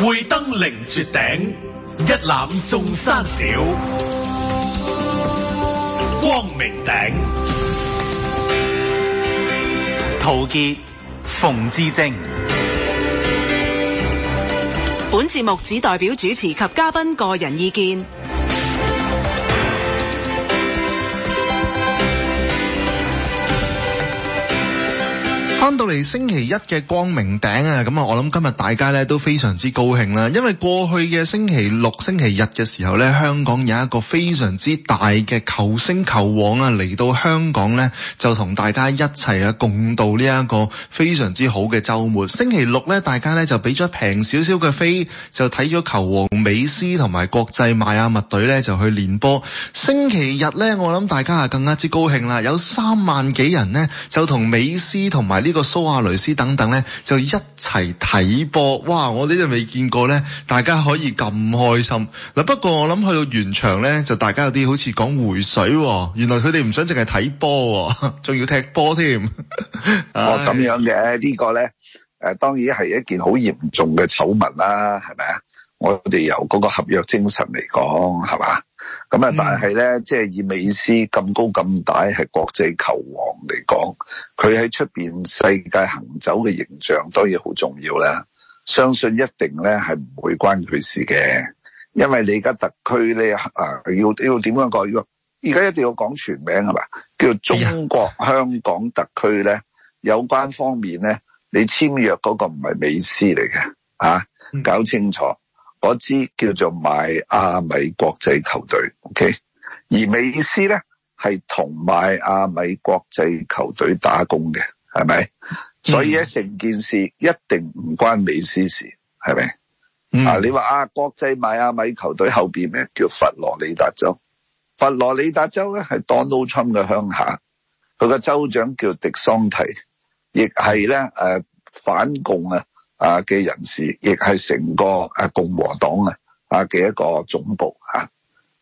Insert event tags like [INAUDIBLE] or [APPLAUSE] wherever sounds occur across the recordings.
會登凌絕頂，一覽眾山小。光明頂，陶傑、馮智政。本節目只代表主持及嘉賓個人意見。翻到嚟星期一嘅光明頂啊，咁啊，我諗今日大家咧都非常之高興啦，因為過去嘅星期六、星期日嘅時候咧，香港有一個非常之大嘅球星球王啊嚟到香港咧，就同大家一齊啊共度呢一個非常之好嘅周末。星期六咧，大家咧就俾咗平少少嘅飛，就睇咗球王美斯同埋國際邁阿密隊咧就去練波。星期日咧，我諗大家啊更加之高興啦，有三萬幾人呢，就同美斯同埋呢。呢個蘇亞雷斯等等咧，就一齊睇波。哇！我呢就未見過咧，大家可以咁開心嗱。不過我諗去到現場咧，就大家有啲好似講回水，原來佢哋唔想淨係睇波，仲要踢波添，哎。哦，咁樣嘅呢，這個咧，誒，當然係一件好嚴重嘅醜聞啦，係咪啊？我哋由嗰個合約精神嚟講，係嘛？咁、嗯、啊，但係咧，即係以美斯咁高咁大，係國際球王嚟講，佢喺出面世界行走嘅形象，當然好重要啦。相信一定咧係唔會關佢事嘅，因為你而家特區咧啊，要要點樣講？而家一定要講全名係嘛，叫做中國香港特區咧、哎。有關方面咧，你簽約嗰個唔係美斯嚟嘅、啊、搞清楚。嗯嗰支叫做邁阿米國際球隊，O K. 而美斯咧係同邁阿米國際球隊打工嘅，係咪？所以喺成、嗯、件事一定唔關美斯事，係咪？嗯、啊，你話啊，國際邁阿米球隊後邊咩叫佛羅里達州？佛羅里達州咧係 Donald Trump 嘅鄉下，佢個州長叫迪桑提，亦係咧誒反共啊！啊嘅人士，亦係成個啊共和黨嘅啊嘅一個總部啊。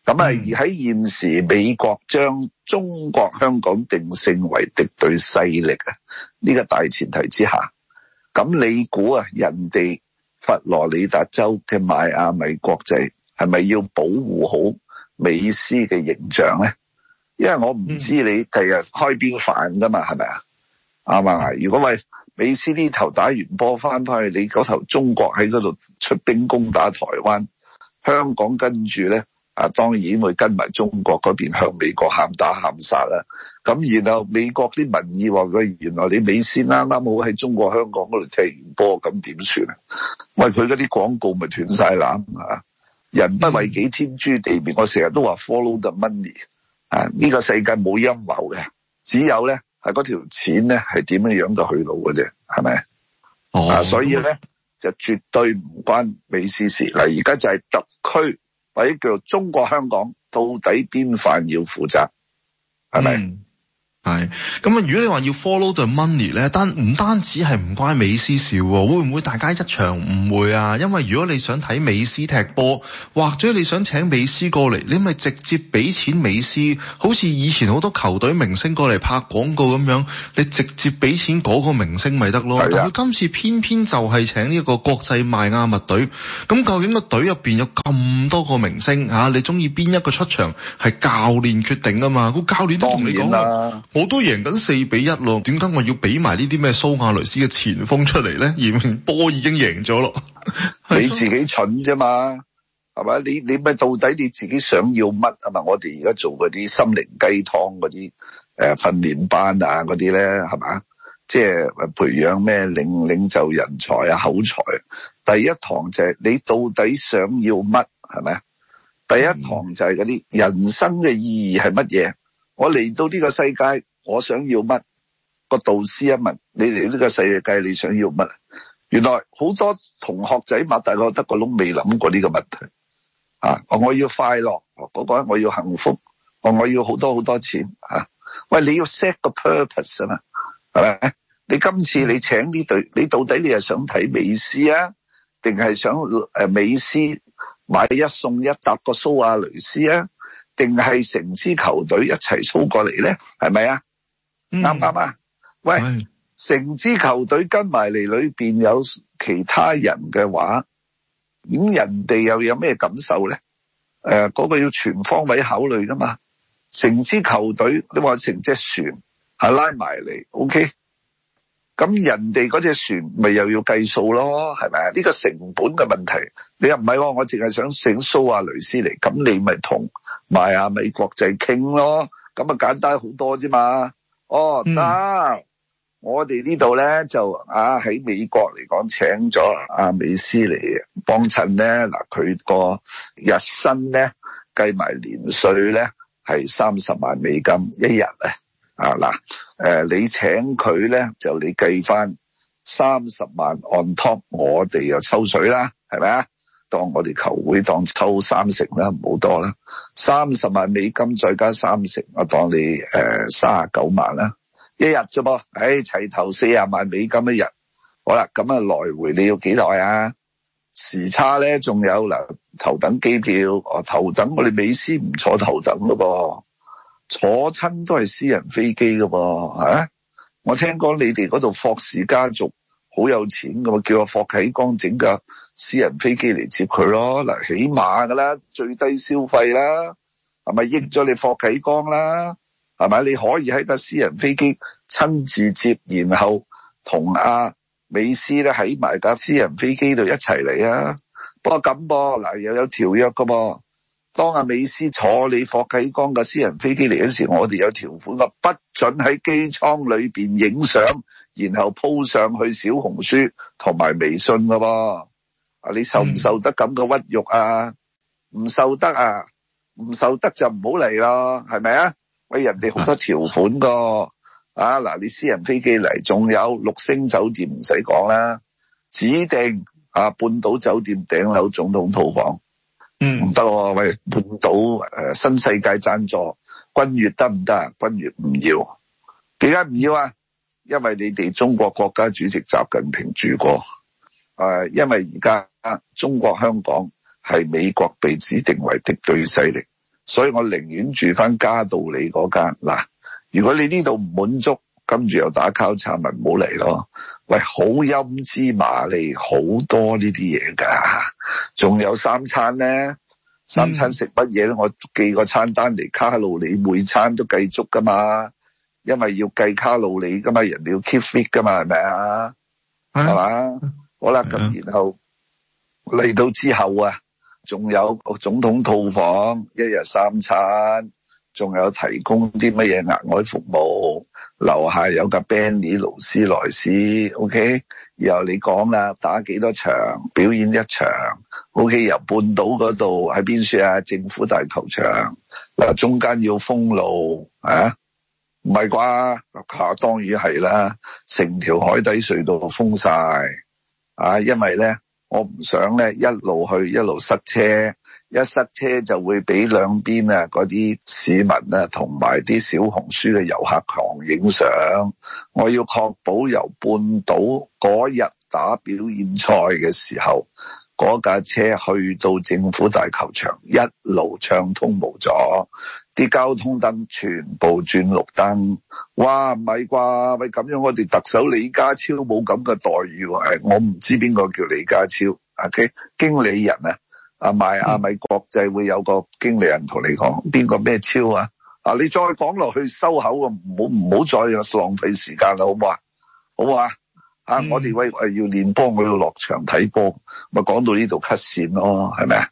咁、嗯、啊，而喺現時美國將中國香港定性為敵對勢力啊，呢、呢個大前提之下，咁你估啊，人哋佛羅里達州嘅邁阿密國際係咪要保護好美斯嘅形象咧？因為我唔知你第日開邊飯㗎嘛，係咪啊？啱唔啱啊？如果喂。美斯呢頭打完波翻翻去，你嗰頭中國喺嗰度出兵攻打台灣，香港跟住咧啊，當然會跟埋中國嗰邊向美國喊打喊殺啦。咁然後美國啲民意話佢原來你美斯啱啱好喺中國香港嗰度踢完波，咁點算啊？喂，佢嗰啲廣告咪斷曬喇啊！人不為己，天誅地滅。我成日都話 follow the money 啊！呢個世界冇陰謀嘅，只有咧。係嗰條錢咧，係點嘅樣嘅去路嘅啫，係咪？哦，啊、所以咧就絕對唔關美斯事。嗱，而家就係特區或者叫做中國香港，到底邊范要負責，係咪？嗯係，咁啊，如果你話要 follow the money 咧，單唔單止係唔關美斯事喎，會唔會大家一場誤會啊？因為如果你想睇美斯踢波，或者你想請美斯過嚟，你咪直接俾錢美斯，好似以前好多球隊明星過嚟拍廣告咁樣，你直接俾錢嗰個明星咪得咯。但佢今次偏偏就係請呢個國際邁阿密隊，咁究竟個隊入邊有咁多個明星吓，你中意邊一個出場係教練決定㗎嘛？個教練都同你講。我都贏緊四比一咯，點解我要俾埋呢啲咩蘇亞雷斯嘅前鋒出嚟咧？而波已經贏咗咯，你自己蠢啫嘛，係嘛？你你咪到底你自己想要乜啊？嘛，我哋而家做嗰啲心靈雞湯嗰啲誒訓練班啊，嗰啲咧係嘛？即係培養咩領領袖人才啊口才。第一堂就係你到底想要乜？係咪啊？第一堂就係嗰啲人生嘅意義係乜嘢？我嚟到呢個世界。我想要乜？個導師一問，你嚟呢個世界你想要乜？原來好多同學仔擘大個得個窿，未諗過呢個問題啊！我要快樂，嗰、嗰個我要幸福，我、啊、我要好多好多錢啊！喂，你要 set 個 purpose 啊嘛？係咪？你今次你請呢隊，你到底你係想睇美斯啊，定係想誒美斯買一送一搭個蘇亞雷斯啊？定係成支球隊一齊操過嚟咧？係咪啊？啱唔啱啊？喂，成支球隊跟埋嚟，裏邊有其他人嘅話，咁人哋又有咩感受咧？誒、呃，嗰、那個要全方位考慮噶嘛？成支球隊，你話成隻船係、啊、拉埋嚟，OK？咁人哋嗰隻船咪又要計數咯？係咪啊？呢、這個成本嘅問題，你又唔係我淨係想請蘇亞雷斯嚟，咁你咪同埋阿美國際傾咯，咁啊簡單好多啫嘛～哦得，嗯嗯，我哋呢度咧就，啊，喺美國嚟講，請咗阿美斯嚟幫襯咧，嗱佢個日薪咧計埋年稅咧係三十萬美金一日啊，啊，嗱，誒、呃、你請佢咧就你計翻三十萬 on top，我哋又抽水啦，係咪啊？當我哋球會當抽三成啦，唔好多啦，三十萬美金再加三成，我當你誒、呃、三十九萬啦，一日啫噃，唉、哎，齊頭四十萬美金一日，好啦，咁啊來回你要幾耐啊？時差咧仲有嗱頭等機票，哦頭等我哋美斯唔坐頭等噶噃，坐親都係私人飛機噶噃，吓、啊，我聽講你哋嗰度霍氏家族好有錢噶嘛，叫阿霍啟光整架。私人飛機嚟接佢咯，嗱，起碼噶啦，最低消費啦，係咪益咗你霍啟剛啦？係咪你可以喺架私人飛機親自接，然後同阿美斯咧喺埋架私人飛機度一齊嚟啊？不過咁噃，嗱又有條約噶噃，當阿美斯坐你霍啟剛嘅私人飛機嚟嘅時候，我哋有條款噶，不准喺機艙裏面影相，然後鋪上去小紅書同埋微信噶噃。你受唔受得咁嘅屈辱啊？唔受得啊？唔受得就唔好嚟咯，係咪啊？喂，人哋好多條款噶，啊嗱，你私人飛機嚟，仲有六星酒店唔使講啦，指定啊半島酒店頂樓總統套房，嗯，唔得咯，喂，半島誒新世界贊助君悅得唔得啊？君悅唔要，點解唔要啊？因為你哋中國國家主席習近平住過。誒，因為而家中國香港係美國被指定為敵對勢力，所以我寧願住翻加道里嗰間嗱。如果你呢度唔滿足，跟住又打交叉咪唔好嚟咯。喂，好陰之麻利，好多呢啲嘢㗎。仲有三餐咧，三餐食乜嘢咧？我寄個餐單嚟卡路里，每餐都計足㗎嘛，因為要計卡路里㗎嘛，人哋要 keep fit 㗎嘛，係咪啊？係嘛？好啦，咁然後嚟到之後啊，仲有總統套房，一日三餐，仲有提供啲乜嘢額外服務。樓下有架 Benny 勞斯萊斯，O K。然、OK? 後你講啦，打幾多場表演一場，O K。OK? 由半島嗰度喺邊處啊？政府大球場嗱，中間要封路啊？唔係啩？當然係啦，啊，成條海底隧道封曬。啊，因為咧，我唔想咧一路去一路塞車，一塞車就會俾兩邊啊嗰啲市民啊同埋啲小紅書嘅遊客狂影相。我要確保由半島嗰日打表演賽嘅時候，嗰架車去到政府大球場一路暢通無阻。啲交通燈全部轉綠燈，哇，唔係啩喂，咁樣我哋特首李家超冇咁嘅待遇喎，我唔知邊個叫李家超，阿、啊、經理人啊，阿米阿米國際會有個經理人同你講邊個咩超啊，啊你再講落去收口啊，唔好唔好再浪費時間啦，好嘛好嘛，啊我哋喂喂要練波，我要落場睇波，咪講到呢度 cut 線咯，係咪啊？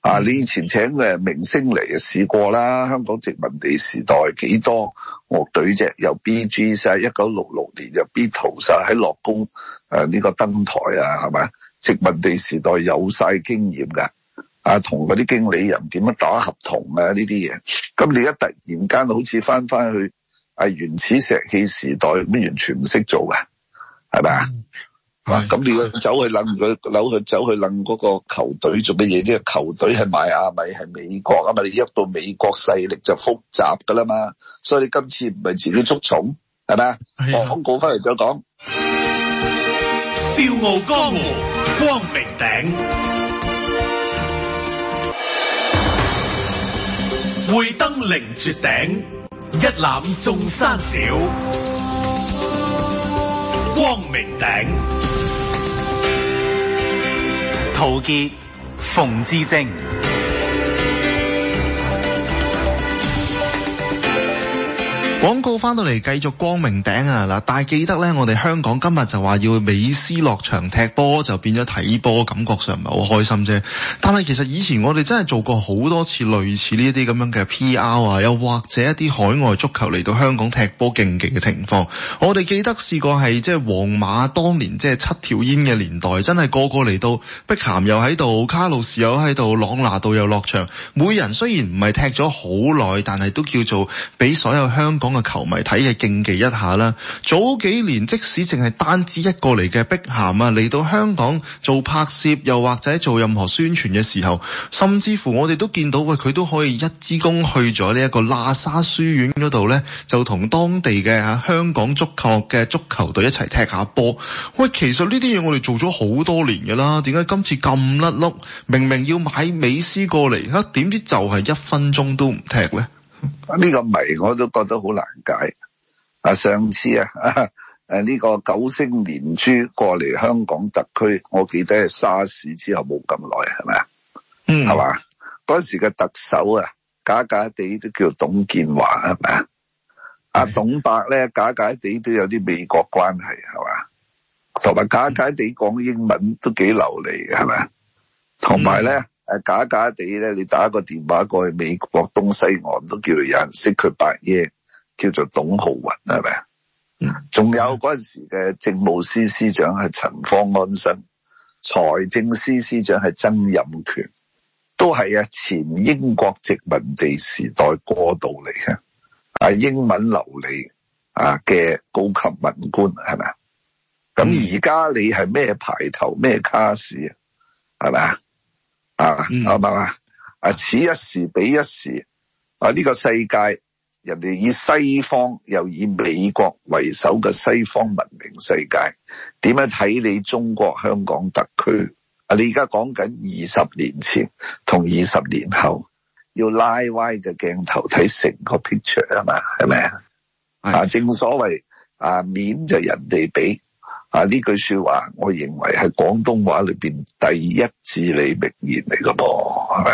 啊！你以前請嘅明星嚟試過啦，香港殖民地時代幾多樂隊啫，又 B G 晒，一九六六年又 B 淘晒喺樂工誒呢個登台啊，係咪殖民地時代有晒經驗噶，啊，同嗰啲經理人點樣打合同啊呢啲嘢，咁你一突然間好似翻翻去啊原始石器時代咁，完全唔識做噶，係咪啊？嗯係咁，你去走去諗佢扭去走去諗嗰個球隊做乜嘢啫？球隊係邁阿密，係美國啊嘛？你一到美國勢力就複雜噶啦嘛，所以你今次唔係自己捉蟲，係咪啊？我講講翻嚟再講。笑傲江湖，光明頂，會登凌絕頂，一覽眾山小。光明頂。陶傑、馮智政。廣告翻到嚟，繼續光明頂啊。嗱，但係記得呢，我哋香港今日就話要美斯落場踢波，就變咗睇波，感覺上唔係好開心啫。但係其實以前我哋真係做過好多次類似呢啲咁樣嘅 P.R. 啊，又或者一啲海外足球嚟到香港踢波競技嘅情況，我哋記得試過係即係皇馬當年即係、即係、七條煙嘅年代，真係個個嚟到碧咸又喺度，卡路士又喺度，朗拿度又落場，每人雖然唔係踢咗好耐，但係都叫做俾所有香港。個球迷睇嘅競技一下啦。早幾年即使淨係單止一個嚟嘅碧咸啊，嚟到香港做拍攝又或者做任何宣傳嘅時候，甚至乎我哋都見到喂，佢都可以一支公去咗呢一個喇沙書院嗰度呢，就同當地嘅香港足球嘅足球隊一齊踢下波。喂，其實呢啲嘢我哋做咗好多年噶啦，點解今次咁甩碌？明明要買美斯過嚟，點知就係一分鐘都唔踢呢？呢、這個謎我都覺得好難解。啊，上次啊，誒，呢個九星連珠過嚟香港特區，我記得係沙士之後冇咁耐，係咪啊？嗯，係嘛？嗰時嘅特首啊，假假地都叫董建華啊嘛。阿、嗯、董伯咧，假假地都有啲美國關係，係嘛？同埋假假地講英文都幾流利嘅，係咪？同埋咧，還有呢假假地咧，你打個電話過去美國東西岸都叫做有人識佢伯爺，叫做董浩雲係咪啊？嗯，仲有嗰陣時嘅政務司司長係陳方安生，財政司司長係曾蔭權，都係啊前英國殖民地時代過渡嚟嘅，啊英文流利啊嘅高級文官係咪啊？咁而家你係咩牌頭咩卡士啊？係咪啊？啊，明白嘛？啊，此一時彼一時，啊，呢個世界人哋以西方又以美國為首嘅西方文明世界，點樣睇你中國香港特區？啊，你而家講緊二十年前同二十年後，要拉歪嘅鏡頭睇成個 picture 啊嘛？係咪啊？啊，正所謂啊，面就人哋俾。啊！呢句說話我認為係廣東話裏邊第一至理名言嚟噶噃，係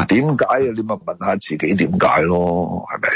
咪？點解啊？你咪問下自己點解咯，係咪？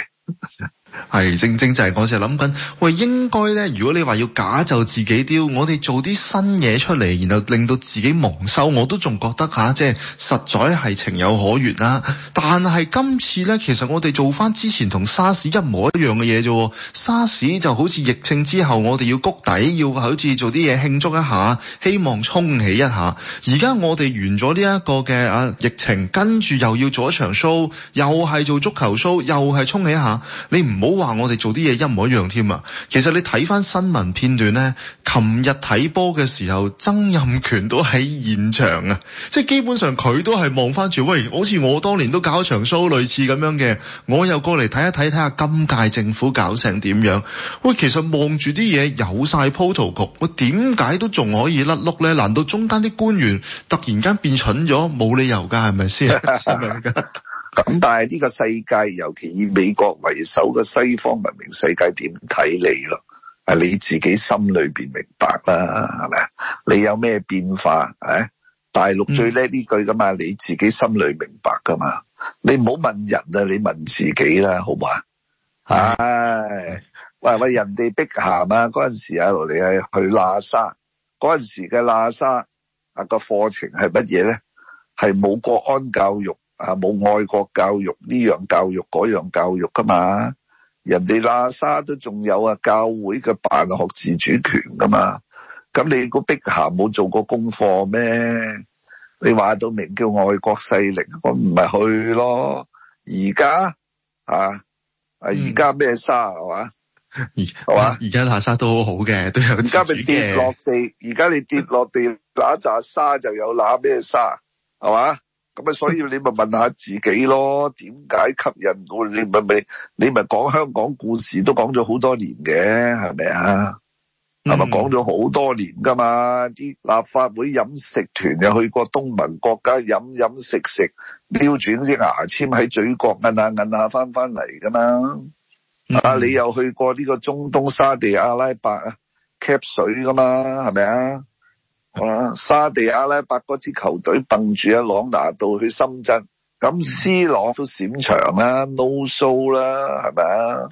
[LAUGHS] 係正正就係我成日諗緊，喂，應該咧，如果你話要假就自己丟，我哋做啲新嘢出嚟，然後令到自己蒙羞，我都仲覺得吓、啊，即係實在係情有可原啦、啊。但係今次咧，其實我哋做翻之前同沙士一模一樣嘅嘢啫喎，沙士就好似疫情之後，我哋要谷底，要好似做啲嘢慶祝一下，希望衝起一下。而家我哋完咗呢一個嘅啊疫情，跟住又要做一場 show，又係做足球 show，又係衝起一下，你唔？唔好話我哋做啲嘢一模一樣添啊！其實你睇翻新聞片段呢，琴日睇波嘅時候，曾蔭權都喺現場啊！即係基本上佢都係望翻住，喂，好似我當年都搞場 show 類似咁樣嘅，我又過嚟睇一睇，睇下今屆政府搞成點樣。喂，其實望住啲嘢有曬鋪頭局，我點解都仲可以甩碌呢？難道中間啲官員突然間變蠢咗，冇理由㗎，係咪先？係咪？ [LAUGHS] 咁但係呢個世界，尤其以美國為首嘅西方文明世界點睇你咯？啊，你自己心裏邊明白啦，係咪？你有咩變化？大陸最叻呢句噶嘛，你自己心裏明白噶嘛。你唔好、嗯、問人啊，你問自己啦，好嘛？唉、嗯、哎，喂喂，人哋逼咸啊！嗰陣時阿羅、啊、你係去喇沙，嗰陣時嘅喇沙，啊、那個課程係乜嘢咧？係冇國安教育。啊！冇愛國教育，呢樣教育、嗰樣教育噶嘛？人哋喇沙都仲有啊，教會嘅辦學自主權噶嘛？咁、嗯、你嗰個碧咸冇做過功課咩？你話到名叫外國勢力，我唔係去咯。而家啊啊，而家咩沙係嘛？而家喇沙都好嘅，都有自。而家咪跌落地，而家你跌落地喇扎沙就有喇咩沙係嘛？咁啊， [NOISE] 所以你咪問下自己咯，點解吸引到你？咪咪你咪講香港故事都講咗好多年嘅，係咪啊？係咪講咗好多年噶嘛？啲立法會飲食團又去過東盟國家飲飲食食，叼住啲牙籤喺嘴角摁下摁下翻翻嚟噶嘛？嗯、啊，你又去過呢個中東沙地阿拉伯啊，cap 水噶嘛，係咪啊？好啦，沙地阿拉伯嗰支球隊掟住阿朗拿度去深圳，咁 C 朗都閃場啦、嗯、，no show 啦，係咪啊？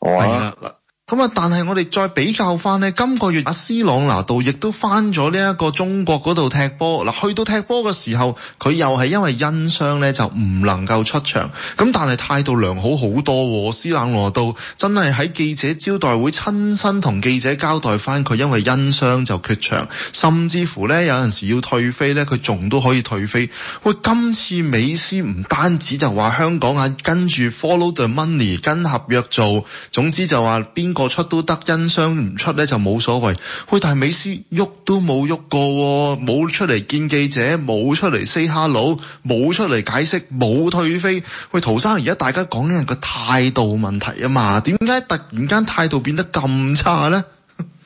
啊。哎咁啊！但係我哋再比較翻咧，今個月阿斯朗拿度亦都翻咗呢一個中國嗰度踢波。嗱，去到踢波嘅時候，佢又係因為因傷咧就唔能夠出場。咁但係態度良好好多。斯朗拿度真係喺記者招待會親身同記者交代翻，佢因為因傷就缺場，甚至乎咧有陣時要退飛咧，佢仲都可以退飛。喂，今次美斯唔單止就話香港啊，跟住 follow the money，跟合約做，總之就話邊個。我出都得，欣賞唔出咧就冇所謂。喂，但係美斯喐都冇喐過，冇出嚟見記者，冇出嚟 say hello，冇出嚟解釋，冇退飛。喂，陶生，而家大家講緊人個態度問題啊嘛？點解突然間態度變得咁差咧？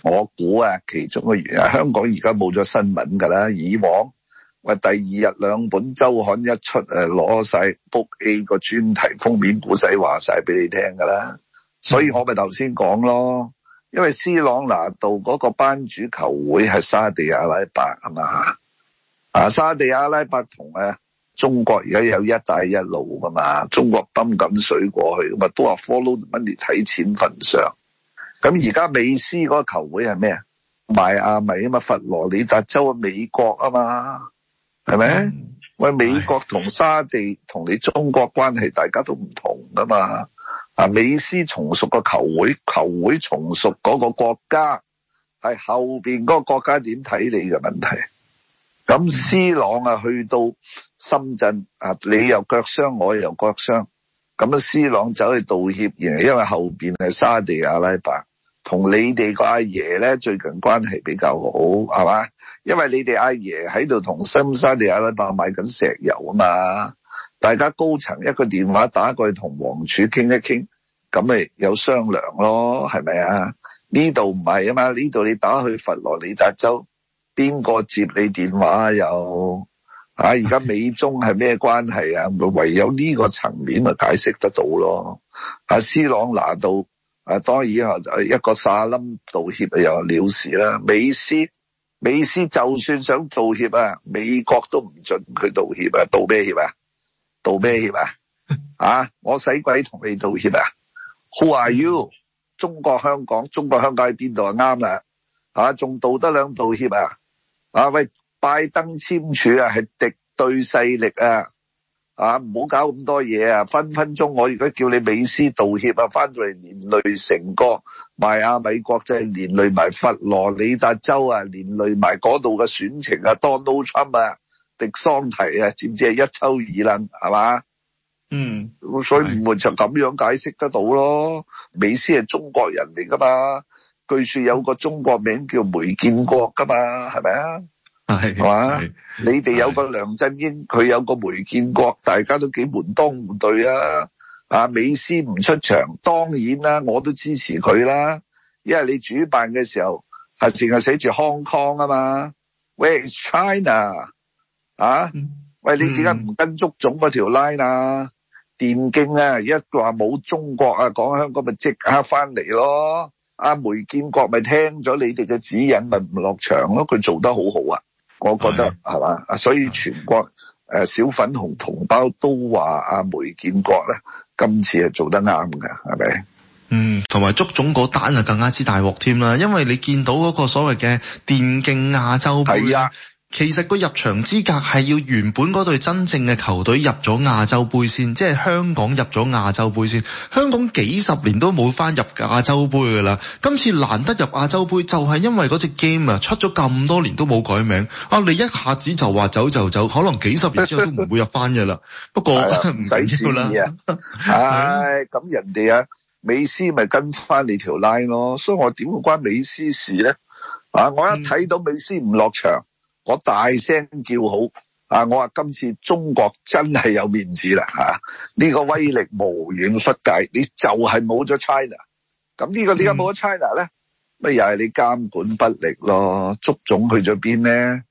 我估啊，其中嘅原因，香港而家冇咗新聞㗎啦。以往喂第二日兩本周刊一出，誒攞晒 book A 個專題封面，故仔話晒俾你聽㗎啦。所以我咪頭先講咯，因為斯朗拿度嗰個班主球會係沙地阿拉伯啊嘛，啊沙地阿拉伯同中國而家有「一帶一路」噶嘛，中國泵緊水過去，咁啊都話 follow money 睇錢份上。咁而家美斯嗰個球會係咩啊？邁阿密啊嘛，佛羅里達州啊美國啊嘛，係咪？喂，美國同沙地同你中國關係大家都唔同噶嘛。啊！美斯重屬個球會，球會重屬嗰個國家，係後邊嗰個國家點睇你嘅問題？咁斯朗啊，去到深圳啊，你又腳傷，我又腳傷，咁啊，斯朗走去道歉，而因為後邊係沙地阿拉伯，同你哋個阿爺咧最近關係比較好，係嘛？因為你哋阿爺喺度同新沙地阿拉伯買緊石油啊嘛，大家高層一個電話打過去同王儲傾一傾。咁咪有商量咯，係咪啊？呢度唔係啊嘛，呢度你打去佛羅里達州，邊個接你電話又啊？而家美中係咩關係啊？唯有呢個層面咪解釋得到咯。阿、啊、斯朗拿到啊，當然啊，一個沙冧道歉又了事啦。美斯美斯就算想道歉啊，美國都唔準佢道歉啊，道咩歉啊？道咩歉啊？啊，我使鬼同你道歉啊？Who are you？中國香港，中國香港喺邊度啊？啱啦，嚇仲道德兩道歉啊！啊，喂，拜登簽署啊，係敵對勢力啊！嚇唔好搞咁多嘢啊！分分鐘我而家叫你美斯道歉啊！翻到嚟連累成個，埋阿美國即係、就是、連累埋佛羅里達州啊，連累埋嗰度嘅選情啊，Donald Trump 啊，迪桑提啊，知唔知係一抽二掕係嘛？嗯，所以唔會就咁樣解釋得到咯。美斯係中國人嚟噶嘛？據說有個中國名叫梅建國噶嘛？係咪啊？係係嘛？你哋有個梁振英，佢有個梅建國，大家都幾門當戶對啊！啊，美斯唔出場，當然啦、啊，我都支持佢啦，因為你主辦嘅時候係成日寫住 Hong Kong 啊嘛喂。Where、嗯、is China？啊、嗯嗯？喂，你點解唔跟足總嗰條 line 啊？電競啊，一話冇中國啊，講香港咪即刻翻嚟咯。阿梅建國咪聽咗你哋嘅指引咪唔落場咯。佢做得好好啊，我覺得係嘛。所以全國誒小粉紅同胞都話阿梅建國咧，今次係做得啱㗎，係咪？嗯，同埋足總嗰單啊更加之大鑊添啦，因為你見到嗰個所謂嘅電競亞洲杯啊。其實個入場資格係要原本嗰隊真正嘅球隊入咗亞洲盃先，即係香港入咗亞洲盃先。香港幾十年都冇翻入亞洲杯噶啦，今次難得入亞洲盃就係因為嗰隻 game 啊出咗咁多年都冇改名啊，你一下子就話走就走，可能幾十年之後都唔會入翻噶啦。 [LAUGHS] 不過唔使錢啦，唉、哎，咁、 [LAUGHS] 哎、人哋啊，美斯咪跟翻你條 line 咯，所以我點會關美斯事呢？啊，我一睇到美斯唔落場。嗯我大聲叫好啊！我話今次中國真係有面子啦吓，呢、這個威力無遠弗屆，你就係冇咗 China，咁呢個點解冇咗 China 咧？乜又係你監管不力咯？足總去咗邊咧？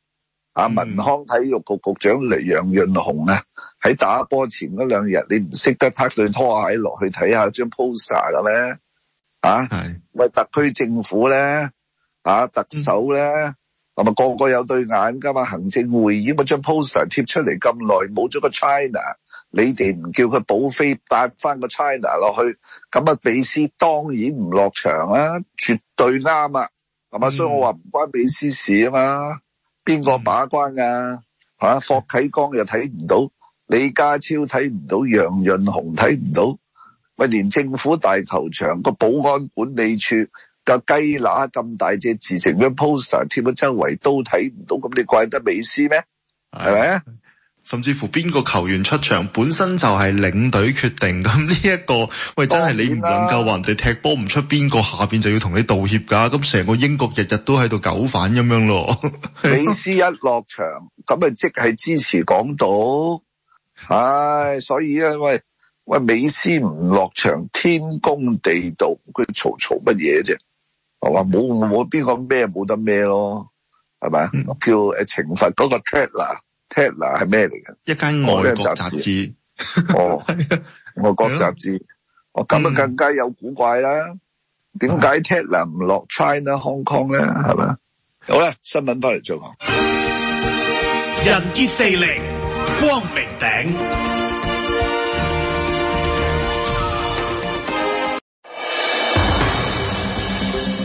阿、嗯、文康體育局局長嚟楊潤雄啊，喺打波前嗰兩日，你唔識得拍對拖鞋落去睇下張 poster 嘅咩？啊係，喂特區政府咧，啊特首咧。嗯係咪個個有對眼噶嘛？行政會議已經張 poster 貼出嚟咁耐，冇咗個 China，你哋唔叫佢補飛搭翻個 China 落去，咁啊美斯當然唔落場啦、啊，絕對啱啊！係、嗯、嘛，所以我話唔關美斯事啊嘛，邊個把關噶、啊？吓、嗯、霍啟剛又睇唔到，李家超睇唔到，楊潤雄睇唔到，咪連政府大球場個保安管理處？個雞乸咁大隻字，成張 poster 貼喺周圍都睇唔到，咁你怪得美斯咩？係、哎、咪甚至乎邊個球員出場本身就係領隊決定，咁呢一個喂真係你唔能夠話人哋踢波唔出邊個，下邊就要同你道歉噶。咁成個英國日日都喺度狗反咁樣咯。美斯一落場，咁 [LAUGHS] 咪即係支持港島。唉、哎，所以呢，喂喂，美斯唔落場，天公地道，佢嘈嘈乜嘢啫？我話冇冇邊個咩冇得咩咯，係咪叫誒懲罰嗰個 Tatler Tatler 係咩嚟嘅？一間外國雜誌哦，外國雜誌、哦 [LAUGHS] 嗯、我今日更加有古怪啦！點解 Tatler 唔落 China Hong Kong 咧？係、嗯、咪好啦，新聞翻嚟做。人傑地靈，光明頂。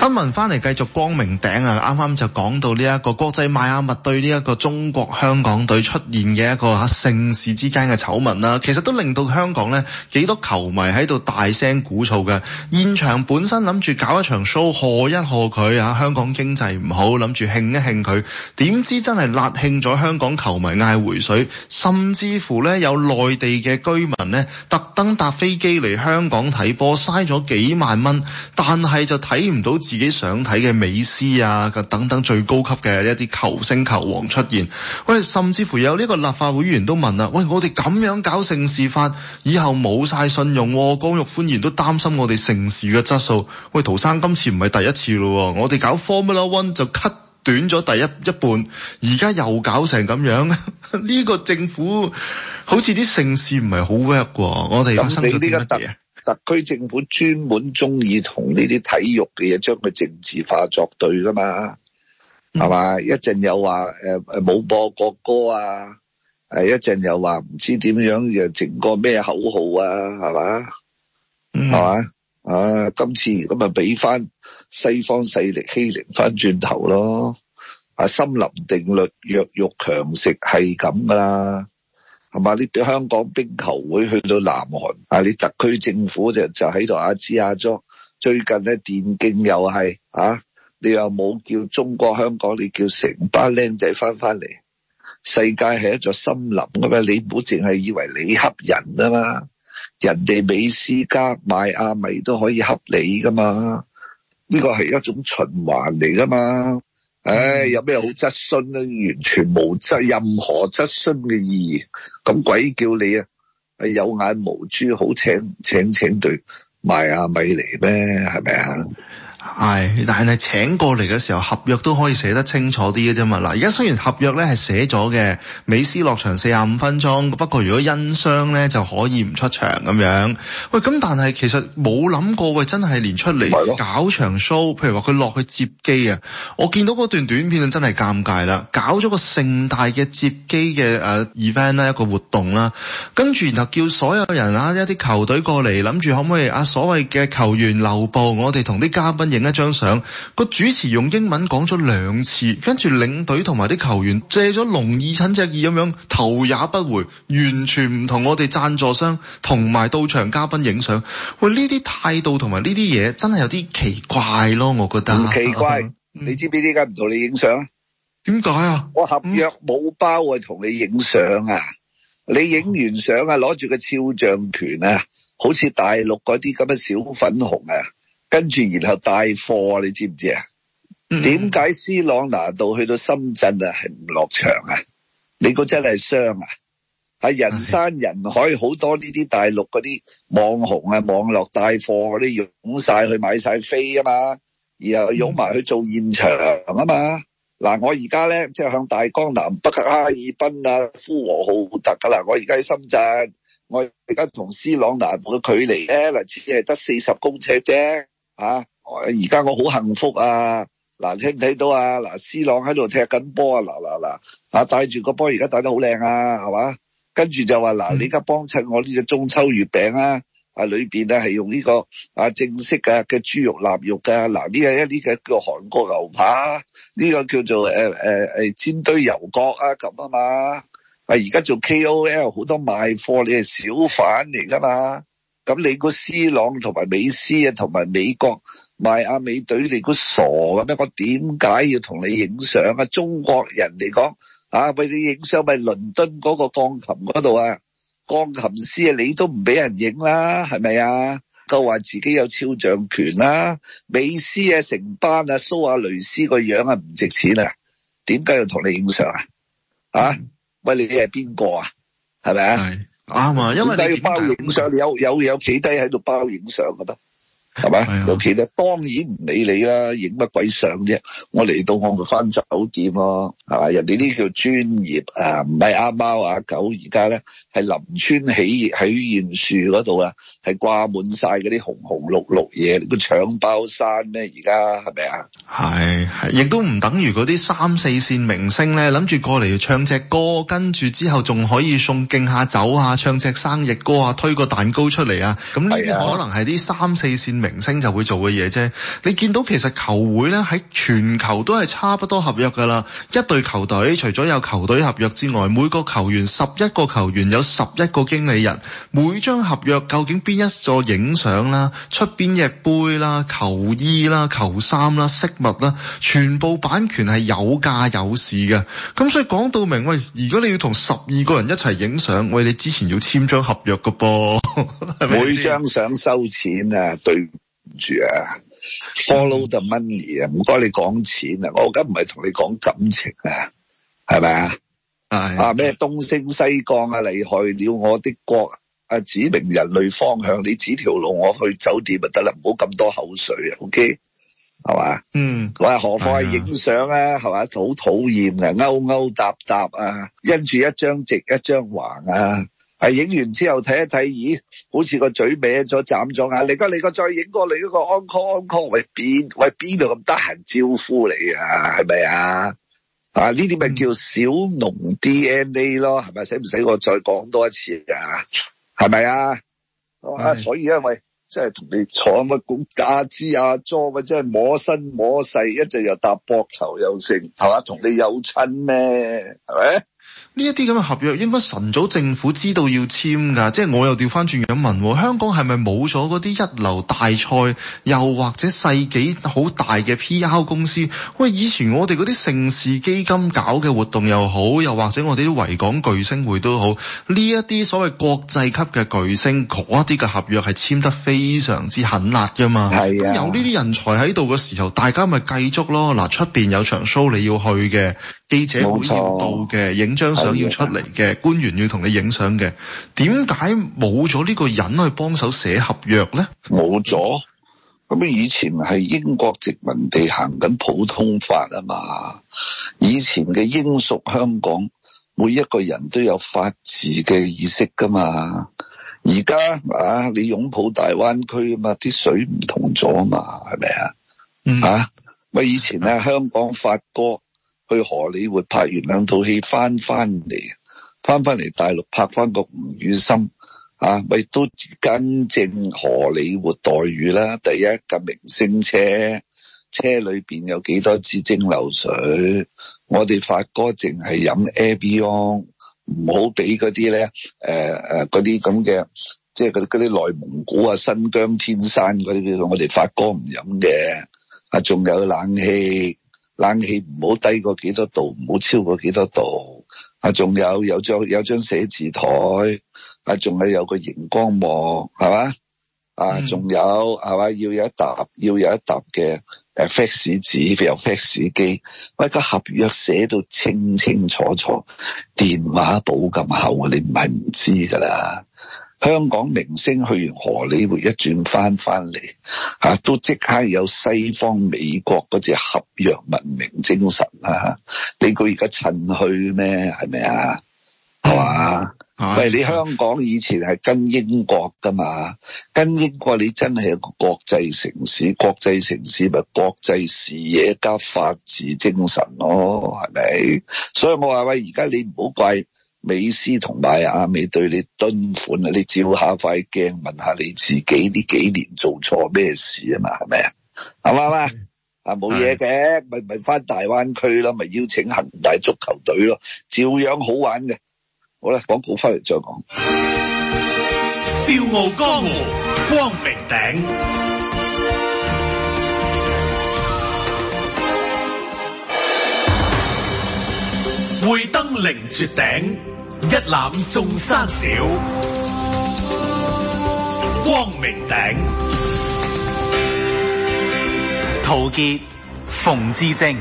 新聞翻嚟繼續光明頂啊！啱啱就講到呢一個國際邁阿密對呢一個中國香港隊出現嘅一個哈盛事之間嘅醜聞啦，啊，其實都令到香港呢幾多球迷喺度大聲鼓噪嘅。現場本身諗住搞一場 show 賀一賀佢嚇，香港經濟唔好，諗住慶一慶佢，點知真係辣慶咗香港球迷嗌回水，甚至乎呢有內地嘅居民呢特登搭飛機嚟香港睇波，嘥咗幾萬蚊，但係就睇唔到。自己想睇嘅美斯啊，等等最高級嘅一啲球星球王出現。喂，甚至乎有呢個立法會員都問啦，喂，我哋咁樣搞盛事法，以後冇晒信用，江玉歡言都擔心我哋盛事嘅質素。喂，陶生今次唔係第一次咯，我哋搞 Formula One 就 cut 短咗第一一半，而家又搞成咁樣，呢 [LAUGHS] 個政府好似啲盛事唔係好 work 喎。我哋發生咗啲乜嘢？特區政府專門鍾意同呢啲體育嘅嘢將佢政治化作對噶嘛，係、嗯、嘛？一陣又話冇、呃、播國歌啊，啊一陣又話唔知點樣又整個咩口號啊，係嘛？係、嗯、嘛？啊！今次咁咪俾翻西方勢力欺凌翻轉頭咯。啊，森林定律弱肉強食係咁噶啦。係嘛？你香港冰球會去到南韓啊？你特區政府就就喺度阿支阿佐。最近咧電競又係啊，你又冇叫中國香港，你叫成班僆仔翻翻嚟？世界係一座森林噶嘛，你唔好淨係以為你恰人啊嘛，人哋美斯加買阿迷都可以恰你噶嘛，呢個係一種循環嚟噶嘛。唉，有咩好質詢咧？完全無質，任何質詢嘅意義。咁鬼叫你啊，有眼無珠，好請請請對賣阿米嚟咩？係咪啊？係、哎，但係請過嚟嘅時候，合約都可以寫得清楚啲嘅啫嘛。嗱，而家雖然合約咧係寫咗嘅，美斯落場四十五分鐘，不過如果因傷咧就可以唔出場咁樣。喂，咁但係其實冇諗過，喂，真係連出嚟搞場 show，譬如話佢落去接機啊！我見到嗰段短片真係尷尬啦，搞咗個盛大嘅接機嘅誒 event 啦，一個活動啦，跟住然後叫所有人啊一啲球隊過嚟，諗住可唔可以啊所謂嘅球員留步，我哋同啲嘉賓一張相，個主持用英文講咗兩次，跟住領隊同埋啲球員借咗聾耳陳隻耳咁樣，頭也不回，完全唔同我哋贊助商同埋到場嘉賓影相。喂，呢啲態度同埋呢啲嘢真係有啲奇怪咯，我覺得。奇怪，嗯、你知唔知點解唔同你影相？點解啊？我合約冇包啊，同你影相啊！你影完相啊，攞住個肖像權啊，好似大陸嗰啲咁嘅小粉紅啊！跟住然後帶貨，你知唔知啊？點解，mm-hmm. C 朗拿度去到深圳啊，係唔落場啊？你估真係傷啊！係，mm-hmm. 人山人海，好多，mm-hmm. 呢啲大陸嗰啲網紅啊、網絡帶貨嗰啲湧曬去買曬飛啊嘛，然後湧埋去做現場啊嘛。嗱，mm-hmm.，我而家咧即係向大江南北啊、哈爾濱啊、呼和浩特㗎啦，我而家喺深圳，我而家同 C 朗拿度嘅距離咧嗱，只係得四十公尺啫。吓、啊！而家我好幸福啊！嗱、啊，你睇到啊，嗱，C 朗喺度踢緊波啊，嗱嗱嗱，啊，啊，啊帶住個波而家帶得好靚啊，係嘛？跟住就話嗱，你而家幫襯我呢隻中秋月餅啊，啊裏面呢係用呢個啊正式嘅嘅豬肉臘肉㗎，嗱、啊、呢、呢個一啲嘅叫韓國牛扒，呢、啊呢個叫做誒誒、啊啊、煎堆油角啊咁啊嘛，啊而家做 K O L 好多賣貨，你係小販嚟㗎嘛？咁你個 C 朗同埋美斯啊，同埋美國邁阿密隊，你估傻嘅咩？我點解要同你影相啊？中國人嚟講啊，喂，你影相咪倫敦嗰個鋼琴嗰度啊，鋼琴師啊，你都唔俾人影啦，係咪啊？夠話自己有肖像權啦，啊，美斯啊成班啊蘇亞雷斯個樣啊唔值錢啊，點解要同你影相啊？啊，喂，你係邊個啊？係咪啊？啱啊，因為你要包影相，有有有企低喺度包影相，覺得。係嘛？尤其咧，當然唔理你啦，影乜鬼相啫！我嚟到我咪翻酒店咯，係嘛？人哋呢叫專業啊，唔係阿貓啊狗呢。而家咧係林村起喺許願樹嗰度啊，係掛滿曬嗰啲紅紅綠綠嘢，個搶包山咩？而家係咪啊？係係，亦都唔等於嗰啲三四線明星咧，諗住過嚟唱隻歌，跟住之後仲可以送敬下酒啊，唱隻生日歌啊，推個蛋糕出嚟啊，咁呢啲可能係啲三四線。明星就會做嘅嘢啫。你見到其實球會咧喺全球都係差不多合約㗎啦。一隊球隊除咗有球隊合約之外，每個球員十一個球員有十一個經理人，每張合約究竟邊一座影相啦、出邊隻杯啦、球衣啦、球衫啦、飾物啦，全部版權係有價有市嘅。咁所以講到明，喂，如果你要同十二個人一齊影相，喂，你之前要簽張合約㗎噃， [LAUGHS] 每張相收錢啊，對。唔住啊，Follow the money 啊！唔、嗯、該你講錢啊，我而家唔係同你講感情啊，係咪、哎、啊？係啊咩東升西降啊，厲害了我的國啊！指明人類方向，你指條路我去酒店就得啦，唔好咁多口水啊！OK，係嘛？嗯，或何況係影相啊？係咪、啊？好討厭呀討厭、啊，勾勾搭搭啊，因住一張直一張橫啊！嗯係、啊、影完之後睇一睇，咦，好似個嘴歪咗、斬咗眼。你而家你個再影過你嗰個 anchor anchor，喂邊喂邊度咁得閒招呼你啊？係咪啊？啊呢啲咪叫小農 DNA 咯？係咪？使唔使我再講多一次呀？係咪啊？是是啊，所以因為即係同你坐咁啊，支啊抓，咪即係摸身摸細，一直又搭膊頭又剩。係嘛？同你有親咩？係咪？呢一啲咁嘅合約應該晨早政府知道要簽㗎，即係我又調翻轉，咁問，香港係咪冇咗啲一流大賽，又或者世紀好大嘅 P.R. 公司？喂，以前我哋啲盛事基金搞嘅活動又好，又或者我哋啲維港巨星會都好，呢一啲所謂國際級嘅巨星，嗰一啲嘅合約係簽得非常之狠辣㗎嘛。係啊，有呢啲人才喺度嘅時候，大家咪繼續咯。嗱，出邊有場 show 你要去嘅，記者會要到嘅，影張。想要出嚟嘅官員要同你影相嘅，點解冇咗呢個人去幫手寫合約呢？冇咗咁，以前係英國殖民地行緊普通法啊嘛，以前嘅英屬香港每一個人都有法治嘅意識㗎嘛。而家啊，你擁抱大灣區啊嘛，啲水唔同咗啊嘛，係咪啊？嚇、嗯，咪以前咧香港法國？去荷里活拍完兩套戲，翻翻嚟，翻翻嚟大陸拍翻個吳宇森，啊，咪都跟正荷里活待遇啦。第一架明星車，車裏面有幾多支蒸餾水？我哋發哥淨係飲 Airborne，唔好俾嗰啲咧，誒誒嗰啲咁嘅，即係嗰啲內蒙古啊、新疆天山嗰啲叫做我哋發哥唔飲嘅。啊，仲有冷氣。冷氣唔好低過幾多度，唔好超過幾多度。啊，仲有張有張有張寫字台，啊，仲有個熒光幕，係嘛？啊、嗯，仲有係嘛？要有一沓要有一沓嘅 fax 紙，有 fax 機，喂，個合約寫到清清楚楚，電話簿咁厚，你唔係唔知噶啦。香港明星去完荷里活一轉翻翻嚟，吓都即刻有西方美國嗰隻合約文明精神啊！你估而家趁去咩？係咪啊？係、嗯、嘛？喂、啊，你香港以前係跟英國噶嘛？跟英國你真係有個國際城市，國際城市咪國際視野加法治精神咯，係咪？所以我話喂，而家你唔好怪。」美斯同埋阿美對你蹲款啊！你照下塊鏡，問下你自己，呢幾年做錯咩事啊？嘛係咪啊？啱唔啱啊？啊冇嘢嘅，咪咪翻大灣區咯，咪邀請恆大足球隊咯，照樣好玩嘅。好啦，廣告翻嚟再講。笑傲江湖，光明頂。會登凌絕頂，一覽眾山小。光明頂，陶傑、馮智政。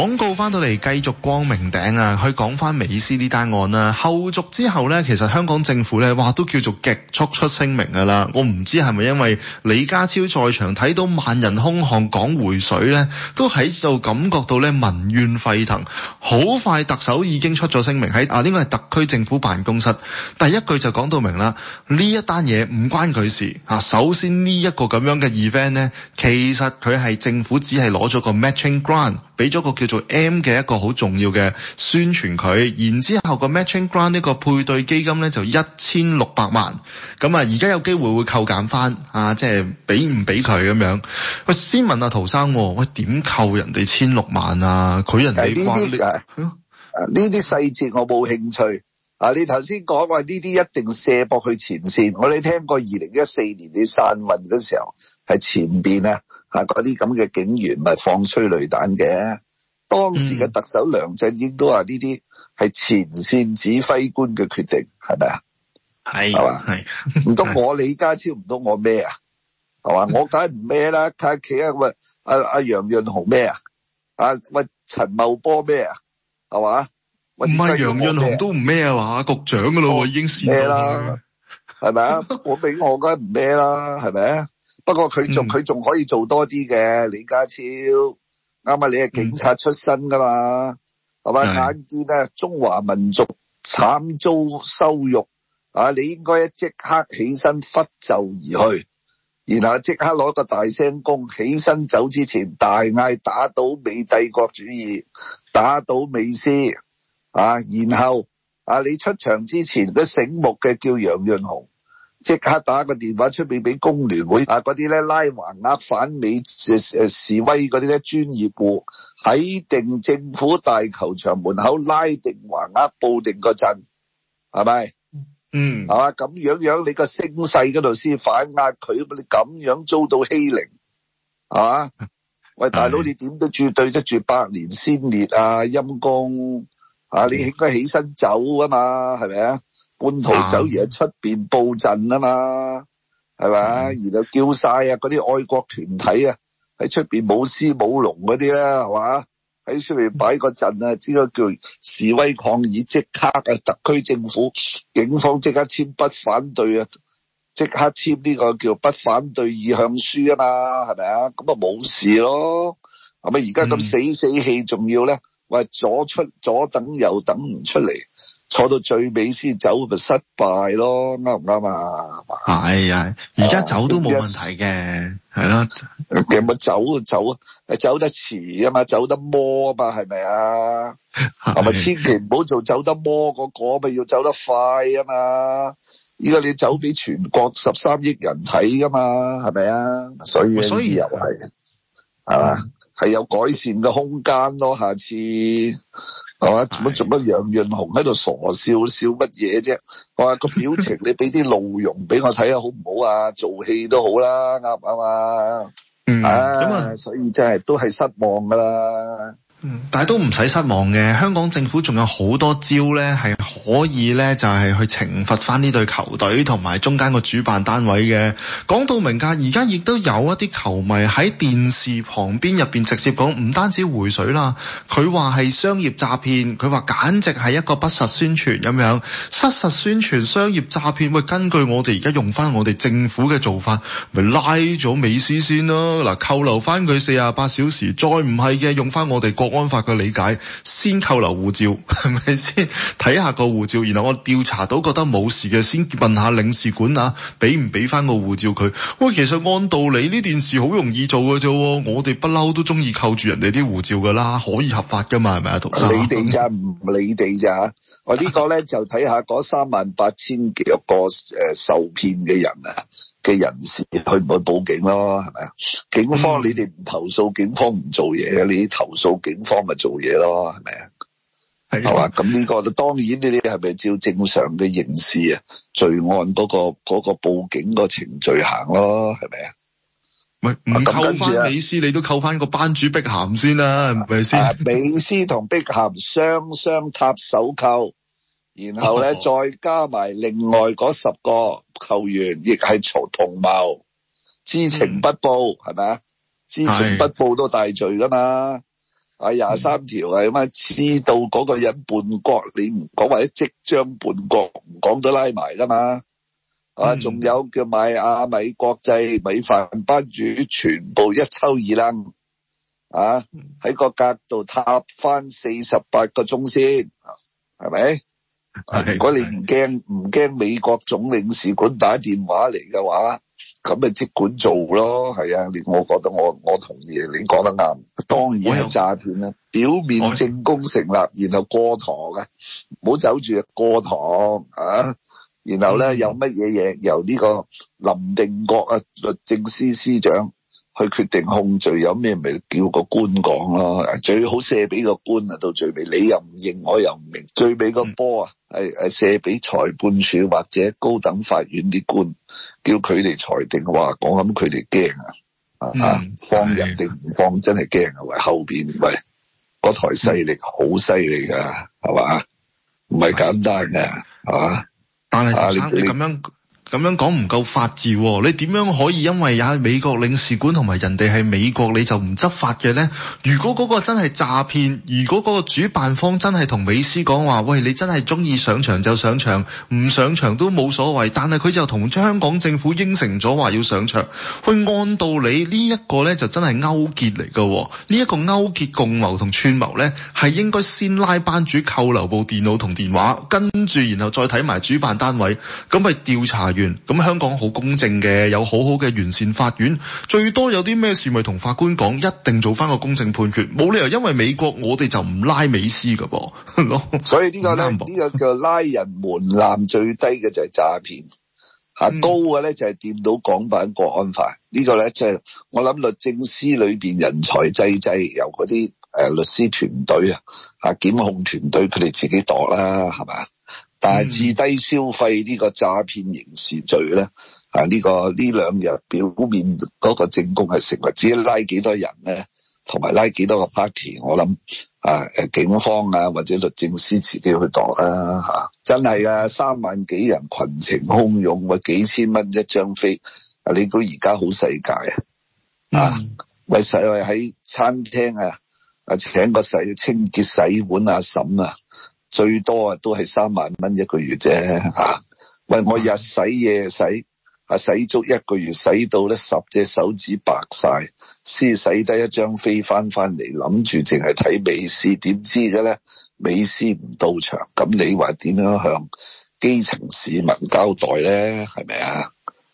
廣告翻到嚟，繼續光明頂啊！去講翻美斯呢單案啦。後續之後呢，其實香港政府呢哇，都叫做極速出聲明㗎啦。我唔知係咪因為李家超在場睇到萬人空巷講回水呢，都喺度感覺到呢民怨沸騰。好快特首已經出咗聲明喺啊！呢個係特區政府辦公室第一句就講到明啦。呢一單嘢唔關佢事啊！首先呢一個咁樣嘅 event 呢，其實佢係政府只係攞咗個 matching grant，俾咗個叫。做 M 嘅一個好重要嘅宣傳，佢然之後個 Matching Grant 呢個配對基金咧，就一千六百萬咁啊。而家有機會會扣減翻啊，即係俾唔俾佢咁樣喂？先問阿陶生喂，點、哎、扣人哋千六萬啊？佢人哋話呢啲呢啲細節我冇興趣啊。你頭先講話呢啲一定射博去前線，我哋聽過二零一四年你散運嗰時候喺前邊啊，嚇嗰啲咁嘅警員咪放催淚彈嘅。當時嘅特首梁振英都話呢啲係前線指揮官嘅決定，係咪啊？係，係嘛？唔通我李家超唔通我咩 [LAUGHS] 啊？係嘛？我梗係唔咩啦，睇下企下喂，阿阿楊潤雄咩啊？阿喂陳茂波咩啊？係嘛？唔係楊潤雄都唔咩啊嘛？局長噶啦，啊，已經咩啦？係咪啊？我俾我梗係唔咩啦，係咪啊？不過佢仲佢仲可以做多啲嘅，李家超。啱啊！你係警察出身噶嘛，係、嗯、咪？眼見啊，中華民族慘遭羞辱啊！你應該一即刻起身拂袖而去，然後即刻攞個大聲公，起身走之前大嗌打倒美帝國主義，打倒美斯啊！然後啊，你出場之前都醒目嘅叫楊潤雄。即刻打個電話出面俾工聯會啊！嗰啲咧拉橫額反美誒誒示威嗰啲咧專業戶喺定政府大球場門口拉定橫額布定個陣，係咪？嗯，係、啊、嘛？咁樣樣你個聲勢嗰度先反壓佢，咁你咁樣遭到欺凌，係嘛、嗯？喂，大佬你點得住對得住百年先烈啊？陰公啊，你應該起身走啊嘛，係咪啊？半途走完喺出邊布陣啊嘛，係咪啊？然後叫晒啊嗰啲愛國團體啊喺出邊舞獅舞龍嗰啲啦，係嘛？喺出邊擺個陣啊，呢個叫示威抗議，即刻啊特區政府警方即刻簽不反對啊，即刻簽呢個叫不反對意向書啊嘛，係咪啊？咁啊冇事咯，係咪而家咁死死氣仲要咧？喂，左出左等右等唔出嚟。坐到最尾先走咪失敗咯，啱唔啱啊？係呀，而家走都冇問題嘅，係、yes. 咯。咁咪走啊走啊，走得遲啊嘛，走得摩啊嘛，係咪啊？係咪千祈唔好做走得摩嗰、嗰個，咪要走得快啊嘛。依家你走俾全國十三億人睇噶嘛，係咪啊？所以又係，係嘛？係、嗯、有改善嘅空間咯，下次。係、哦、嘛？做乜做乜？楊潤雄喺度傻笑，笑乜嘢啫？我話個表情， [LAUGHS] 你俾啲露容俾我睇下好唔好啊？做戲都好啦，啱唔啱、嗯、啊嘛。咁、嗯、啊，所以真係都係失望噶啦。嗯，但都唔使失望嘅，香港政府仲有好多招咧，係可以咧就係去懲罰翻呢隊球隊同埋中間個主辦單位嘅。講到明噶，而家亦都有一啲球迷喺電視旁邊入邊直接講，唔單止回水啦，佢話係商業詐騙，佢話簡直係一個不實宣傳咁樣，失實宣傳、商業詐騙。喂，根據我哋而家用翻我哋政府嘅做法，咪拉咗美斯先咯，嗱，扣留翻佢四十八小時，再唔係嘅用翻我哋國。按法嘅理解，先扣留護照係咪先睇下個護照，然後我調查到覺得冇事嘅，先問下領事館啊，俾唔俾翻個護照佢？喂，其實按道理呢件事好容易做嘅啫，我哋不嬲都中意扣住人哋啲護照噶啦，可以合法噶嘛？係咪啊，同你哋咋？唔理你哋咋？ [LAUGHS] 我呢個咧就睇下嗰三萬八千幾個誒受騙嘅人啊。嘅人士去唔去報警咯？係咪啊？警方、嗯、你哋唔投訴，警方唔做嘢嘅，你投訴警方咪做嘢咯？係咪啊？係嘛？咁呢、呢個就當然呢啲係咪照正常嘅刑事啊罪案嗰、嗰個嗰、嗰個報警個程序行咯？係咪啊？唔扣翻美斯，你都扣翻個班主碧咸先啦？係咪先？美斯同碧咸雙雙插手扣。然後呢，再加埋另外嗰十個球員，亦、哦、係同謀，知情不報，係咪啊？知情不報都大罪噶嘛。係廿三條，係乜？知道嗰個人叛國，嗯、你唔講或者即將叛國，唔講都拉埋噶嘛、嗯。啊，仲有叫埋阿米國際米飯班主，全部一抽二楞啊！喺、嗯、個格度踏翻四十八個鐘先，係咪？如果你唔驚唔驚美國總領事館打電話嚟嘅話，咁咪即管做咯，係啊，你我覺得我我同意，你講得啱，當然係詐騙啦，表面證供成立，然後過堂嘅，唔好走住啊過堂啊，然後咧有乜嘢嘢由呢個林定國啊律政司司長。去決定控罪有咩，咪叫個官講咯，最好射俾個官啊，到最尾，你又唔認我又唔明，最尾個波啊係係射俾裁判處或者高等法院啲官，叫佢哋裁定話講，咁佢哋驚啊啊放人定唔放真係驚、嗯、啊，後邊唔係嗰台勢力好犀利噶，係嘛，唔係簡單噶，係嘛？但係你咁樣。咁樣講唔夠法治喎、哦！你點樣可以因為有喺美國領事館同埋人哋係美國你就唔執法嘅呢？如果嗰個真係詐騙，如果嗰個主辦方真係同美斯講話喂，你真係鍾意上場就上場，唔上場都冇所謂，但係佢就同香港政府應承咗話要上場，去按道理呢一、這個呢，就真係勾結嚟嘅、哦，呢、這、一個勾結共謀同串謀呢，係應該先拉班主扣留部電腦同電話，跟住然後再睇埋主辦單位，咁咪調查咁香港好公正嘅，有好好嘅完善法院，最多有啲咩事咪同法官講，一定做翻個公正判決，冇理由因為美國我哋就唔拉美斯噶噃，no, 所以這個呢個咧呢個叫拉人門檻最低嘅就係詐騙，吓高嘅咧就係掂到港版國安法，呢、嗯這個咧即係我諗律政司裏邊人才濟濟，由嗰啲誒律師團隊啊吓，檢控團隊佢哋自己度啦，係嘛？但係至低消費呢個詐騙刑事罪咧，啊、這、呢個呢兩日表面嗰個證供係成為，至於拉幾多人咧，同埋拉幾多個 party，我諗啊誒警方啊或者律政司自己去度啦嚇。真係啊三萬幾人群情洶湧，咪幾千蚊一張飛，你估而家好世界啊？啊咪使去喺餐廳啊啊請個洗清潔洗碗阿啊嬸啊！最多啊，都係三萬蚊一個月啫吓，喂，我日使夜使啊，使足一個月，使到咧十隻手指白曬，先使得一張飛翻翻嚟，諗住淨係睇美斯，點知嘅咧美斯唔到場，咁你話點樣向基層市民交代咧？係咪啊？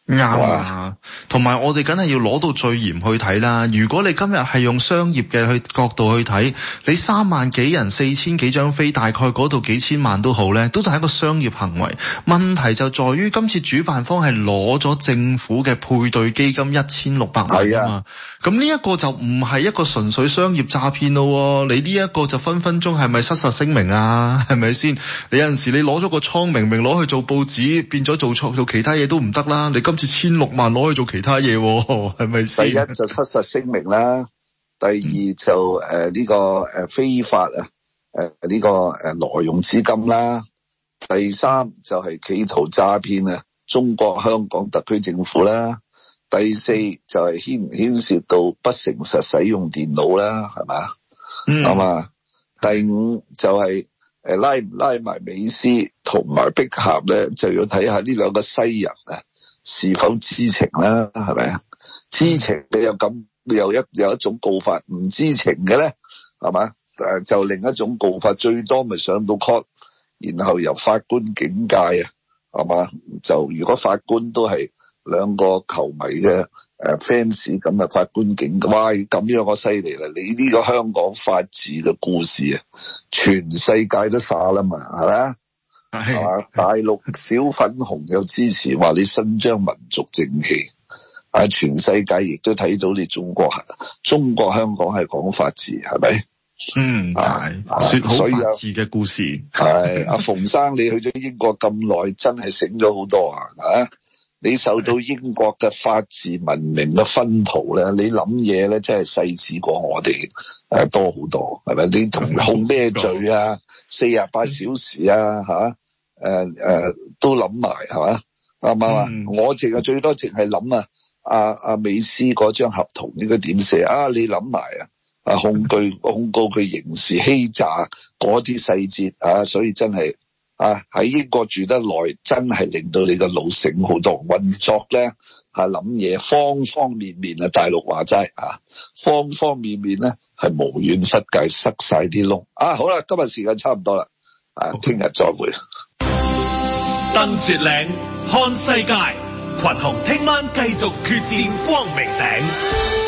啱啊，同埋我哋梗係要攞到最嚴去睇啦。如果你今日係用商業嘅去角度去睇，你三萬幾人四千幾張飛，大概嗰度幾千萬都好呢，都就係一個商業行為。問題就在於今次主辦方係攞咗政府嘅配對基金一千六百萬啊。咁呢一個就唔係一個純粹商業詐騙咯。你呢一個就分分鐘係咪失實聲明啊？係咪先？你有陣時你攞咗個倉，明明攞去做報紙，變咗做錯做其他嘢都唔得啦。你今次千六萬攞去做其他嘢，係咪先？第一就失實聲明啦，第二就嗯誒呢個誒非法啊誒呢個誒挪用資金啦，第三就係企圖詐騙啊中國香港特區政府啦。第四就係牽唔牽涉到不誠實使用電腦啦，係咪？啊、嗯、嘛？第五就係、是、誒拉唔拉埋美斯同埋碧咸咧，就要睇下呢兩個西人啊是否知情啦，係咪啊？知情你又咁有一有一種告法，唔知情嘅咧，係嘛？誒就另一種告法，最多咪上到 court，然後由法官警戒啊，係嘛？就如果法官都係。兩個球迷嘅誒 fans 咁啊，法官警哇咁樣個犀利啦！你呢個香港法治嘅故事啊，全世界都晒啦嘛，係咪啊？係啊！大陸小粉紅又支持，話你伸張民族正氣，啊！全世界亦都睇到你中國，中國香港係講法治，係咪？嗯，係、啊。說好法治嘅故事，係阿馮生，你去咗英國咁耐，真係醒咗好多啊！吓～你受到英國嘅法治文明嘅熏陶咧，你諗嘢咧真係細緻過我哋誒多好多，係咪？你控咩罪啊？四十八小時啊吓？誒誒都諗埋係嘛？啱唔啱啊？啊啊嗯、我淨係最多淨係諗啊阿阿、啊、美斯嗰張合同應該點寫啊？你諗埋啊？啊控佢控告佢刑事 [LAUGHS] 欺詐嗰啲細節啊，所以真係。啊！喺英國住得耐，真係令到你嘅腦醒好多，運作咧啊，諗嘢方方面面啊，大陸話齋啊，方方面面咧係無遠弗屆，塞晒啲窿啊！好啦，今日時間差唔多啦，啊，聽日再會。登絕嶺看世界，群雄聽晚繼續決戰光明頂。